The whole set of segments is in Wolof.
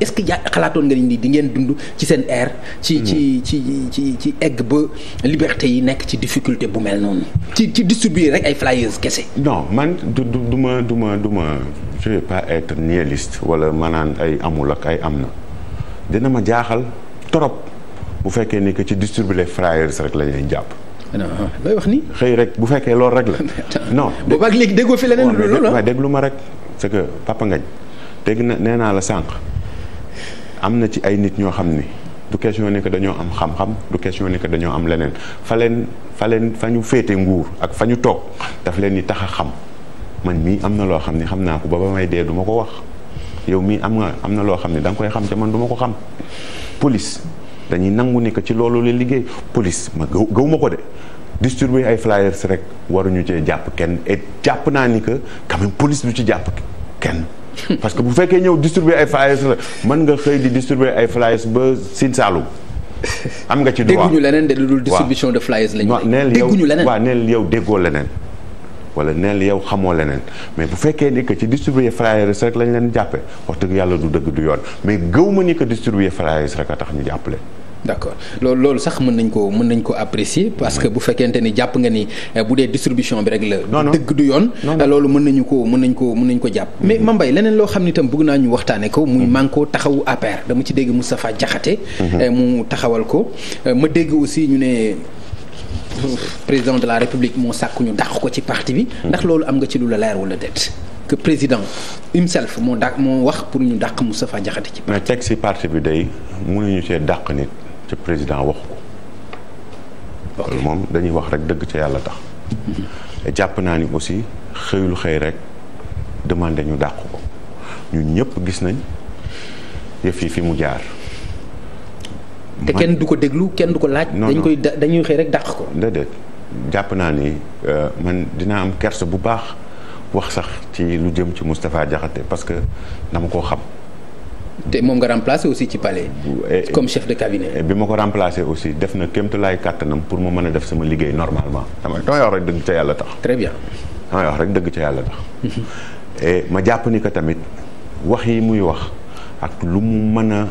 est-ce que yaa xalaatoon nga ni di ngeen dund ci seen air. ci hmm. ci ci ci ci egg ba liberté yi nekk ci difficulté bu mel noonu. ci ci distribuer rek ay flyers kese. non man du du du ma du ma du wala maanaan ay amul am na dina ma jaaxal torop bu fekkee ni que ci distribuer flyers rek la jàpp. non ah, looy wax ni. xëy rek bu fekkee loolu rek la. non boobaag léegi déggoo fi leneen loolu la. Ah? waaw déglu ma rek c'est que Papa Ngagne dégg na nee naa la sànq. am na ci ay nit ñoo xam ni du question ne que dañoo am xam-xam du question ne que dañoo am leneen fa leen fa leen fa ñu féete nguur ak fa ñu toog daf leen di tax a xam man mii am na loo xam ne xam naa ko ba ba may dee du ko wax yow mii am nga am na loo xam ne da nga koy xam te man du ko xam police dañuy nangu ne que ci loolu la liggéey police ma gaw gaw ko de distribuer ay flyers rek waruñu cee jàpp kenn jàpp naa ni que quand même police du ci jàpp kenn parce que bu fekkee ñëw distribuer ay flyers la mën nga xëy di distribuer ay flyers ba Sine Saalum am nga ci droit ñu leneen de lu dul distribution de flyers lañu dégguñu leneen waaw neel yow déggoo leneen wala neen yow xamoo leneen mais bu fekkee ni que ci distribuer flyers rek lañ leen jàppe wax dëgg yàlla du dëgg du yoon mais gëw ma ni que distribuer flyers rek a tax ñu jàppale d' accord loolu loolu sax mën nañ koo mën nañ ko apprécier parce que bu fekkente ni jàpp nga ni eh, bu dee distribution bi rek la dëgg du yoon eh, loolu mën nañu ko mën nañ ko mën nañ ko jàpp mais mm-hmm. mbay leneen loo xam ne itam bëgg naa ñu waxtaane ko muy mm-hmm. manko taxawu APR dama ci dégg Moustapha Diakhaté mm-hmm. eh, mu taxawal ko ma dégg aussi ñu ne président de la république moo sàkku ñu dàq ko ci parti bi ndax loolu am nga ci lu la leer wala déet que président himself moo dàq moo wax pour ñu dàq Moustapha Diakhaté ci parti mais teg si bi day mënuñu cee dàq ci président waxu ko. loolu moom dañuy wax rek dëgg ca yàlla tax. Mhm. jàpp naa ni aussi xëyul xëy rek demande ñu dàq ko ñun ñëpp gis nañ yëf yi fi mu jaar. te kenn du ko déglu kenn du ko laaj. dañ koy dañuy xëy rek dàq ko. déedéet jàpp naa ni euh, man dina am kersa bu baax wax sax ci lu jëm ci Moustapha Diakhaté parce que dama koo xam. te moom nga remplacer aussi ci pale comme chef de cabinet. bi ma ko remplacer aussi def na kéemtulaay kàttanam pour ma mën a def sama liggéey normalement. xam nga damay wax rek dëgg ca yàlla tax. très bien. damay wax rek dëgg ca yàlla tax. et ma jàpp ni que tamit wax yi muy wax ak lu mu mën a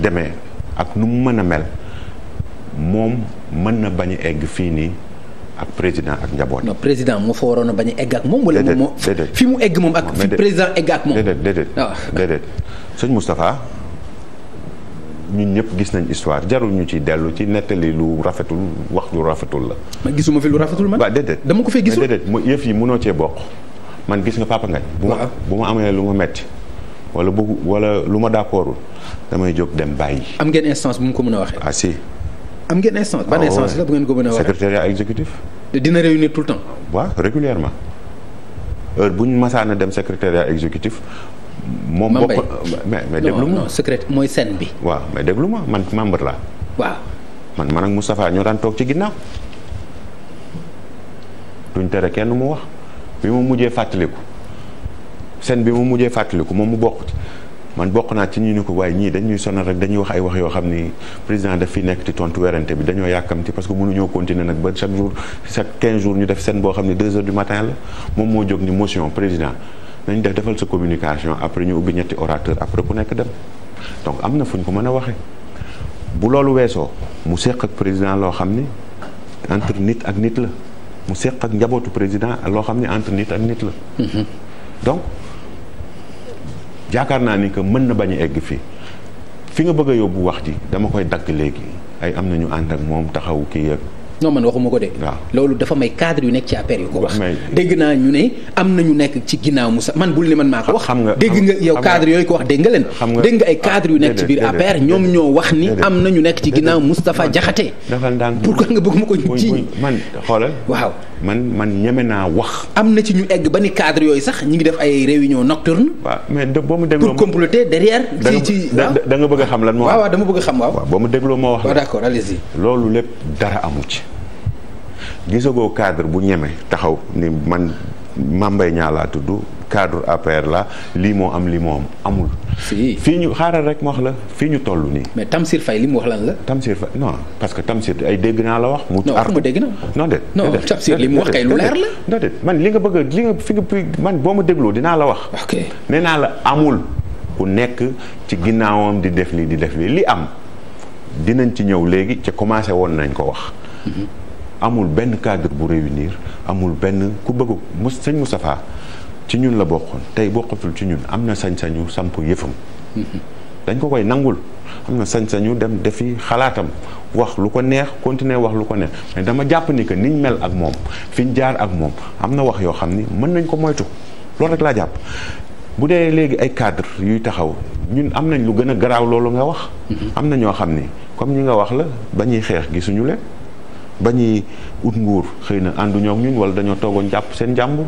demee ak lu mu mën a mel moom mën na bañu egg fii nii. ak président ak njaboot. non président moo fa waroon a bañ a egg ak moom. wala moom moo fi mu egg moom ak. fi président egg ak moom déedéet déedéet. waaw ah. déedéet sëñ Moustapha ñun ñëpp gis nañ histoire jarul ñu ci dellu ci nettali lu rafetul wax lu rafetul la. man gisuma fi lu rafetul man. waaw déedéet dama ko fee gisul déedéet mu yëf yi mënoo cee boq man gis nga papa ngañ bu ma bu ma amee lu ma metti wala bu wala lu ma d'accordul damay jóg dem bàyyi. am ngeen instance bu mu ko mën a waxee. ah si. am ngeen instance ban ah, instance la bu ngeen ko mën a waxee secrétariat exécutif. dina réunir tout le temps. waaw régulièrement heure bu masaana dem secrétariat exécutif. moom bopp ma mooy scène bi. waaw mais déglu ma man membre la waaw man man ak Moustapha ñoo daan toog ci ginnaaw. duñ tere kenn mu wax bi mu mujjee fàttaliku scène bi mu mujjee fàttaliku moom mu bokk ci. man bokk naa ci ñu ni ko waaye ñii dañuy sonal rek dañuy wax ay wax yoo xam ni président daf fi nekk di tontu werante bi dañoo yàkkamti parce que mënuñoo continuer nag ba chaque jour chaque 15 jours ñu def seen boo xam ne 2 heures du matin la moom moo jóg ni motion président nañ def defal sa communication après ñu ubbi ñetti orateur après ku nekk dem donc am na fu ñu ko mën a waxe bu loolu weesoo mu seq ak président loo xam ni entre nit ak nit la mu seq ak njabootu président loo xam ni entre nit ak nit la mm-hmm. jaakaar naa ni que mën na bañ a egg fii fi nga bëgg a yóbbu wax ji dama koy dagg léegi ay am nañu ànd ak moom taxaw kii ak non man waxuma ko de loolu dafa may cadre yu nekk ci affaire yu ko wax dégg naa ñu ne am na ñu nekk ci ginnaaw Moussa man bul ne man maa ko wax dégg nga yow cadre yooyu ko wax dégg nga leen dégg nga ay cadre yu nekk ci biir affaire ñoom ñoo wax ni am na ñu nekk ci ginnaaw Moustapha Diakhaté pourquoi nga bëgg ma ko ji man xoolal waaw man man ñeme naa wax. am na ci ñu egg ba ni cadre yooyu sax ñu ngi def ay réunion nocturne. waaw mais de boo mu dégloo pour comploter derrière. ci ci da nga bëgg xam lan moo. waaw waaw dama a xam waaw. waaw boo mu dégloo moo wax. waaw d'accord allez-y. loolu lépp dara amu ci gisagoo cadre bu ñeme taxaw ni man Mame Mbaye Niang laa tudd cadre APR la lii moo am lii moo amul. si fii ñu xaaral rek mu wax la fii ñu toll nii. mais Tamsir fay li mu wax lan la. Tamsir Faye no parce que Tamsir ay dégg naa la wax. mu ar non dégg na. non déet non li mu wax kay lu leer man li nga bëgg a li nga fi nga man boo ma dégloo dinaa la wax. ok nee naa la amul ku nekk ci ginnaawam di def lii di def lii li am dinañ ci ñëw léegi ci commencé woon nañ ko wax. Mhm. amul benn cadre bu réunir amul benn ku bëgg mu sëñ Moustapha ci ñun la bokkoon tey bokkatul ci ñun am na sañ-sañu samp yëfam dañ ko koy nangul am na sañ-sañu dem defi xalaatam wax lu ko neex continuer wax lu ko neex mais dama jàpp ni que niñ mel ak moom fi ñu jaar ak moom am na wax yoo xam ni mën nañ ko moytu loolu rek laa jàpp bu dee léegi ay cadre yuy taxaw ñun am nañ lu gën a garaaw loolu nga wax am na ñoo xam ni comme ñi nga wax la ba ñuy xeex gisuñu leen ba ñuy ut nguur xëy na ànduñoo ak ñun wala dañoo toogoon jàpp seen jàmbur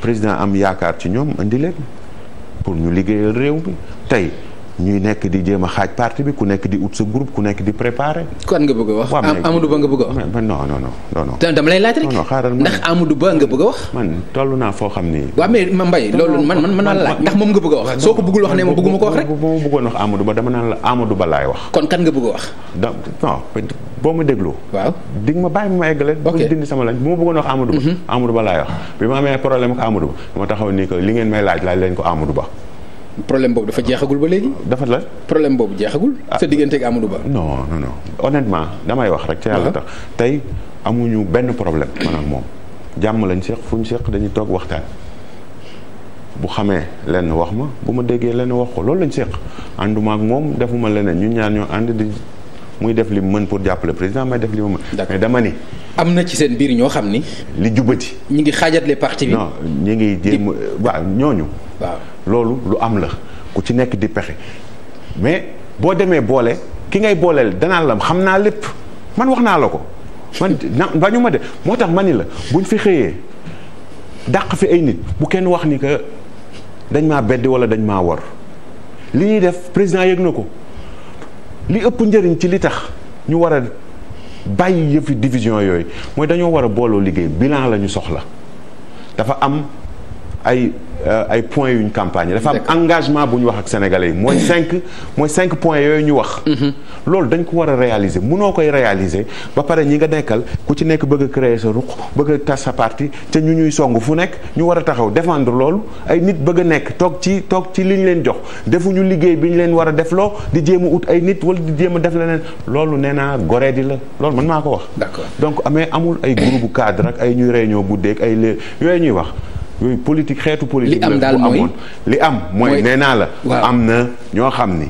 président am yaakaar ci ñoom indi leen pour ñu liggéeyal réew mi tey ñuy nekk di jéem a xaaj parti bi ku nekk di ut sa groupe ku nekk di préparer. kon nga bëgg a wax. Amadou Ba nga bëgg a wax. non non non non. dama lay laaj rek. non xaaral man ndax Amadou Ba nga bëgg a wax. man toll naa foo xam ni. waaw mais Mbaye loolu man man mën naa la laaj ndax moom nga bëgg a wax. soo ko bëggul wax ne ma bëgguma ko wax rek. bu ma bëggoon wax Amadou Ba dama naan la Amadou Ba laay wax. kon kan nga bëgg a wax. da non boo ma déglu. waaw di nga ma bàyyi ma eggale. ok bu dindi sama laaj bu ma bëggoon wax Amadou Ba. Mhm. Amadou Ba laay wax bi ma amee problème ak Amadou Ba ma taxaw ni ko li ngeen may laaj laaj leen ko Amadou Ba problème boobu dafa jeexagul ba léegi. dafa la problème boobu jeexagul. Ah. sa diggante ak Amadou Ba. non non non damay wax rek. ca yàlla ah. tax tey amuñu benn problème. maanaam moom jàmm lañ seq fu ñu seq dañuy toog waxtaan. bu xamee lenn wax ma bu ma déggee lenn wax ko loolu lañ seq ànduma ak moom defuma leneen ñu ñaar ñoo ànd di muy def li mu mën pour jàppale président may def li mu mën. mais dama ni. am na ci seen biir ñoo xam ni. li jubbati. ñu ngi xaajatle parti bi. non ñu ngi jéem waaw ñooñu. waaw loolu lu am la ku ci nekk di pexe mais boo demee boole ki ngay booleel danaan la xam naa lépp man wax naa la ko man na ma de moo tax man ni la buñ fi xëyee dàq fi ay nit bu kenn wax ni que dañ maa beddi wala dañ maa war li ñuy def président yëg na ko li ëpp njëriñ ci li tax ñu war a bàyyi yëfi division yooyu mooy dañoo war a booloo liggéey bilan la ñu soxla dafa am ay Euh, ay point points yuñ campagne dafa am engagement bu ñu wax ak sénégalais yi mooy cinq mooy cinq points yooyu ñu wax mhm. loolu dañ ko war a réaliser munoo koy réaliser ba pare ñi nga nekkal ku ci nekk bëgg a créer sa ruq bëgg a tas sa parti te ñu ñuy song fu nekk ñu war a taxaw defendre loolu ay nit bëgg a nekk toog ci toog ci li ñu leen jox defuñu liggéey bi ñu leen war a def loo di jéem ut ay nit wala di jéem a def leneen loolu nee naa goree di la loolu man maa ko wax d'accord donc amee amul ay groupe cadre ay ñuy réunion guddeeg ay yooyu ñuy wax yooyu politique xeetu politique. li am daal mooy li am mooy nee naa la. am na ñoo xam ni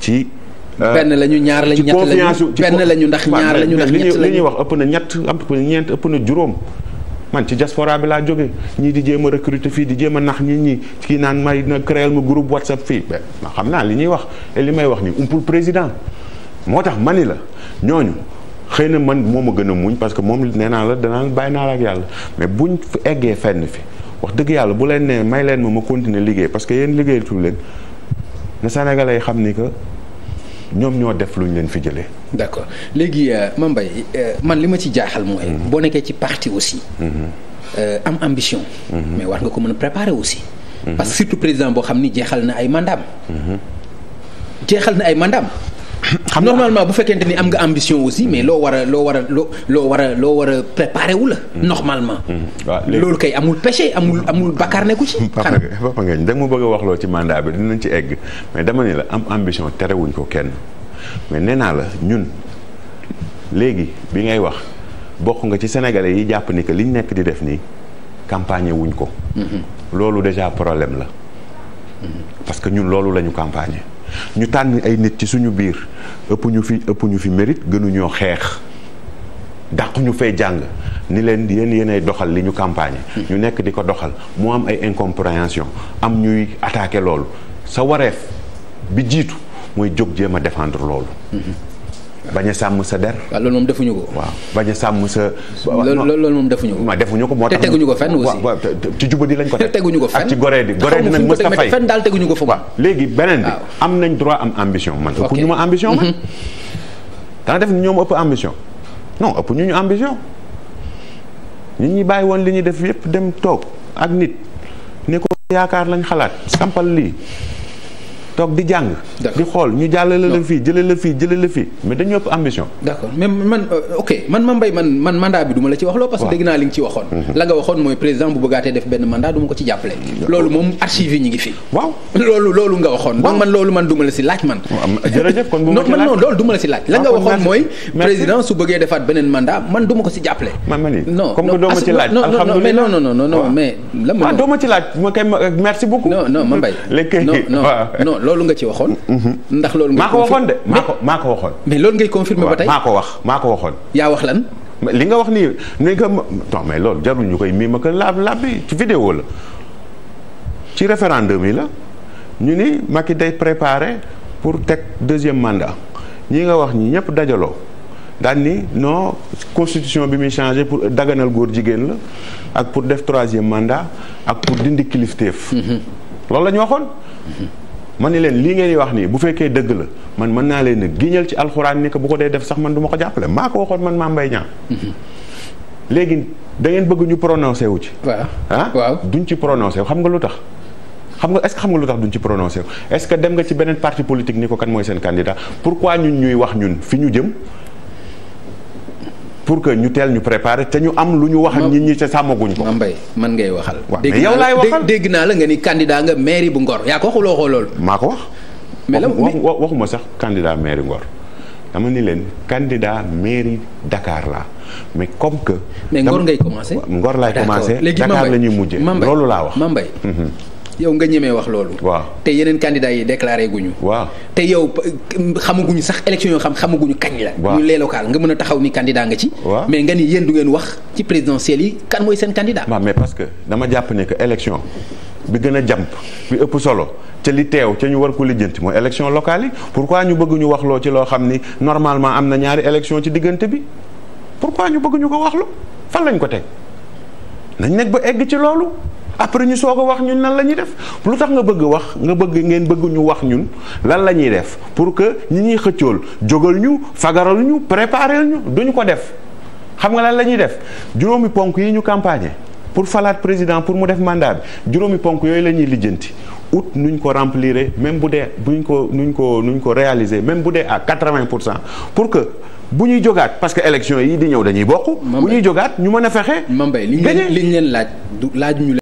ci. Euh, benn lañu ñaar lañu ñett lañu benn lañu ndax ñaar lañu ndax ñett lañu li ñuy wax ëpp na ñett ëpp na ñeent ëpp na juróom. man ci diaspora bi laa jóge ñii di jéem a recruter fii di jéem a nax nit ñi kii naan may na créer ma groupe whatsapp fii ba xam naa li ñuy wax et li may wax nii umpul président moo tax ma ni la ñooñu xëy na man moo ma gën a muñ parce que moom nee naa la danaa bàyyi naa la ak yàlla mais buñ eggee fenn fi. wax dëgg yàlla bu leen ne may leen ma ma continuer liggéey parce que yéen liggéeyatul leen na Sénégalais yi xam ni que ñoom ñoo def luñ leen fi jëlee. d'accord léegi euh, Mame Mbaye euh, man li ma ci jaaxal mooy. Mhm. boo nekkee ci parti aussi. Mhm. Euh, am ambition. Mhm. mais wax nga ko mën a préparer aussi. parce que surtout président boo xam ni jeexal na ay mandaam. jeexal na ay mandam xam normalement bu fekkente ni am nga ambition aussi mais loo wara a loo war a loo loo war a loo war a préparé wu la. Mm. normalement. Mm. loolu kay amul péché amul mm. amul bakkaar nekku ci. xanaa papa ma bëgg wax loo ci mandat bi dinañ ci egg mais dama ne la am ambition terewuñ ko kenn mais nee naa la ñun léegi bi ngay wax bokk nga ci sénégalais yi jàpp ni que liñ nekk di def nii campagne wuñ ko. Mm-hmm. loolu déjà problème la. Mm-hmm. parce que ñun loolu lañu campagne. ñu tànn ay nit ci suñu biir ëpp ñu fi ëpp ñu fi mérite gënuñoo xeex dàq ñu fay jàng ni leen yéen yéenay doxal li ñu campagne ñu nekk di ko doxal mu am ay incompréhension am ñuy attaqué loolu sa wareef bi jiitu mooy jóg jéem a défendre loolu bañ a sàmm sa der. waaw loolu moom defuñu ko. waaw bañ a sàmm sa. loolu loolu moom defuñu ko. moom defuñu ko moo tax te teguñu ko fenn aussi. waaw ci jubadi lañ ko teg. teguñu ko fenn ak ci goree di goree di nag a fay fenn daal teguñu ko fa. waaw léegi beneen am nañ droit am ambition man. ok ëpp ñu ma ambition mhm. def ñoom ëpp ambition non ëpp ñu ñu ambition nit ñi bàyyi woon li ñuy def yépp dem toog ak nit ne ko yaakaar lañ xalaat sampal lii. toog di jàng. di xool ñu jàllale la fii jëlee la fii jëlee la fii mais dañu ëpp ambition. d' accord mais man euh, ok man ma mbay man man mandat bi wax loo. parce mhm. ko ci jàppale. loolu moom archive yi ñu ngi fi. waaw loolu loolu nga waxoon. donc man loolu man du ma la si laaj man. la ah, ma ko si laaj. ma. kay euh, merci beaucoup. non non ma mbay. léegi non non loolu nga ci waxoon. Mhm. ndax loolu. maa ko waxoon de maa ko maa ko waxoon. mais loolu ngay confirmer ba tey maa ko wax maa ko waxoon. yaa wax lan. li nga wax nii ni nga non mais loolu jarul koy mii ma ko laab laab bi ci vidéo la ci référendum yi la ñu ni Macky day préparer pour teg deuxième mandat ñi nga wax ñëpp dajaloo daan ni non constitution bi muy changé pour daganal góor jigéen la ak pour def troisième mandat ak pour dindi kilifteef. Mhm. loolu la waxoon. Mhm. man ni leen lii ngeen di wax nii bu fekkee dëgg la man mën naa leen a giñal ci alxuraan ni que bu ko dee def sax man du ma ko jàppale maa ko waxoon man maa mbay ñaan mm-hmm. léegi da ngeen bëgg ñu prononcé wu ci. waaw ah duñ ci prononcé xam nga lu tax. xam nga est-ce que xam nga lu tax duñ ci prononcé wu ce que dem nga ci beneen parti politique ni ko kan mooy seen pour pourquoi ñun ñuy wax ñun fi ñu jëm pour que ñu teel ñu préparer te ñu am lu ñu wax ak ñi te sàmmaguñ ko. Mbaye man ngay waxal. dégg yow laay waxal dégg naa la nga ni candidat nga mairie bu Ngor yaa ko waxuloo ko loolu. maa ko wax. mais la waxuma sax candidat mairie Ngor. dama ni leen candidat mairie dakaar laa mais comme que. mais Ngor ngay commencé. Ngor laay commencé Dakar la ñuy mujjee. loolu laa wax Mbaye mhm. yow nga ñemee wax loolu. waa te yeneen candidats yi déclaré guñu. waaw te yow xamaguñu sax élection yoo xam xamaguñu kañ la. ñu lee local nga mën a taxaw ni candidat nga ci. mais nga ni yéen du ngeen wax ci présidentielles yi kan mooy seen candidat. waaw mais parce que dama jàpp ne que élection bi gën a jàmp bi ëpp solo. ca li teew ca ñu war ko lijjanti mooy élection locale yi pour pourquoi ñu bëgg ñu waxloo ci loo xam ni normalement am na ñaari élection ci diggante bi pourquoi ñu bëgg ñu ko waxlu fan lañ ko teg nañ nekk ci loolu. après ñu soog a wax ñun nan la ñuy def lu tax nga bëgg wax nga bëgg ngeen bëgg ñu wax ñun lan la ñuy def pour que ñi ñuy xëccool jógal ñu fagaral ñu préparer ñu duñu ko def xam nga lan la ñuy def juróomi ponk yi ñu campagne pour falaat président pour mu def mandat bi juróomi ponk yooyu la ñuy lijjanti ut nuñ ko remplir même bu dee bu ñu ko nuñ ko nuñ ko réaliser même bu dee à quatre-vingt pour cent pour que bu ñuy jógaat parce que élection yi di ñëw dañuy bokk. bu ñuy jógaat ñu mën a fexe. gagné li leen liñ leen laaj laaj ñu